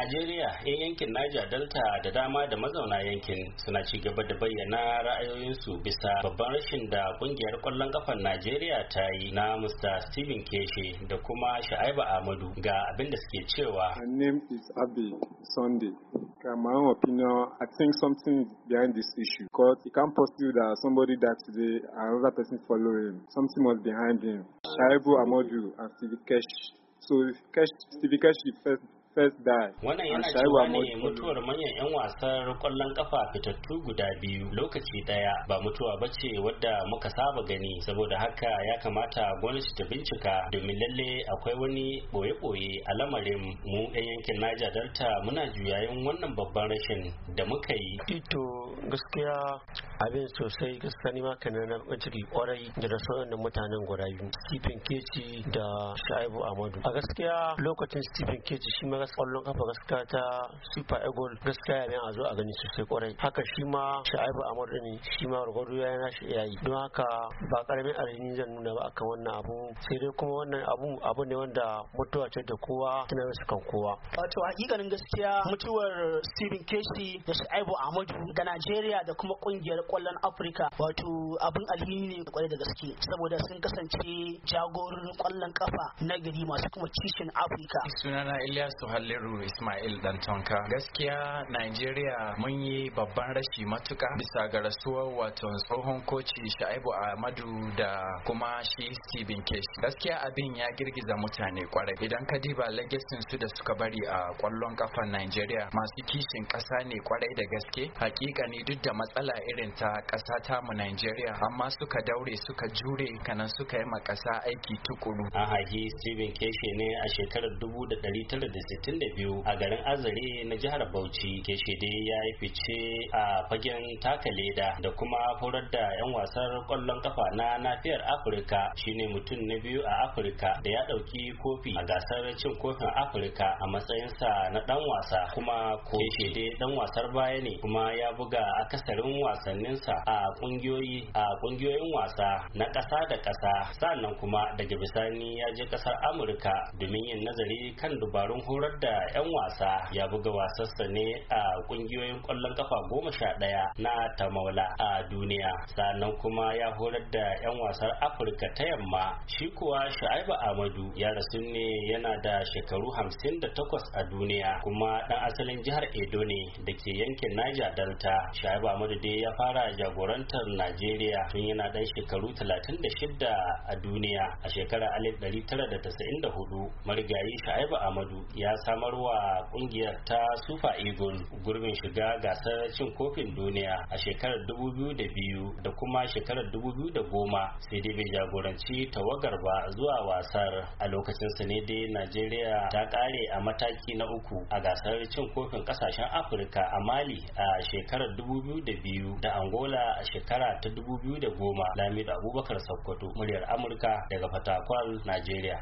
Najeriya 'yan eh, yankin Niger Delta da dama da mazauna yankin suna ci gaba da bayyana ra'ayoyinsu bisa babban rashin da kungiyar kwallon kafar Najeriya ta yi na Mr. Steven Keshe da kuma Sha'iba Ahmadu ga abin da suke cewa. My name is Abi Sunday. my own opinion, I think something is behind this issue. Because it can't possible that somebody died today and another person follow him. Something was behind him. Shaibu Amadu and Stevie Kesh. So Kesh, Stevie Kesh is first Wannan yana cewa ne mutuwar manyan 'yan wasan kwallon kafa fitattu guda biyu lokaci daya ba mutuwa ba ce wadda muka saba gani saboda haka ya kamata gwamnati ta bincika domin lalle akwai wani boye-boye a lamarin mu 'yan yankin Niger Delta muna juyayin wannan babban rashin da muka yi. Ito gaskiya abin sosai gaskiya ni ma kana na bakin ciki kwarai da da mutanen guda biyu Stephen Keci da Shaibu Amadu a gaskiya lokacin Stephen Keci shi ma kwallon kafa gaskiya ta Super Eagle gaskiya ya a zo a gani sosai kwarai haka shi ma Shaibu Amadu ne shi ma gwargwado ya nashi shi yayi don haka ba karamin alhini zan nuna ba akan wannan abu sai dai kuma wannan abu abu ne wanda mutuwa ce da kowa tana da kan kowa wato hakikanin gaskiya mutuwar Stephen Keci da Shaibu Amadu ga Najeriya da kuma kungiyar kwallon Afirka wato abin alhini ne kwarai da gaske saboda sun kasance jagoran kwallon kafa na gari masu kuma kishin Afirka. Sunana Ilyasu Halliru Ismail Dantonka. Gaskiya Najeriya mun yi babban rashi matuka bisa ga rasuwar wato tsohon koci Sha'ibu Ahmadu da kuma shi Steven Kesh. Gaskiya abin ya girgiza mutane kwarai. Idan ka diba legasin su da suka bari a kwallon kafan Najeriya masu kishin kasa ne kwarai da gaske. Hakika mutane duk da matsala irin ta ƙasa ta mu Najeriya amma suka daure suka jure kanan suka yi makasa aiki tukuru. A haji Stephen Keshe ne a shekarar 1962 a garin Azare na jihar Bauchi. Keshe dai ya yi fice a fagen taka leda da kuma horar da 'yan wasar kwallon kafa na nafiyar Afirka shine mutum na biyu a Afirka da ya ɗauki kofi a gasar cin kofin Afirka a matsayinsa na ɗan wasa kuma Keshe dai ɗan wasar baya ne kuma ya buga ga akasarin wasanninsa a kungiyoyi a kungiyoyin wasa na ƙasa da ƙasa sannan kuma daga bisani ya je ƙasar amurka domin yin nazari kan dubarun horar da 'yan wasa ya buga wasarsa ne a kungiyoyin ƙwallon kafa goma sha ɗaya na tamaula a duniya sannan kuma ya horar da 'yan wasar afirka ta yamma shi kuwa shu'aibu amadu ya rasu ne yana da shekaru hamsin da takwas a duniya kuma ɗan asalin jihar edo ne da ke yankin niger delta shaibu ahmadu dai ya fara jagorantar najeriya tun yana dan shekaru 36 a duniya a shekarar 1994 marigayi shaibu amadu ya samar wa kungiyar ta super eagles gurbin shiga gasar cin kofin duniya a shekarar 2002 da kuma shekarar 2010 sai dai bai jagoranci tawagar ba zuwa wasar a lokacinsa ne dai najeriya ta kare a mataki na uku a gasar cin kofin kasashen afirka a mali a shekarar 2002 da Angola a shekara ta 2010 Lamido Abubakar Sokoto muryar Amurka daga Fatakwal Najeriya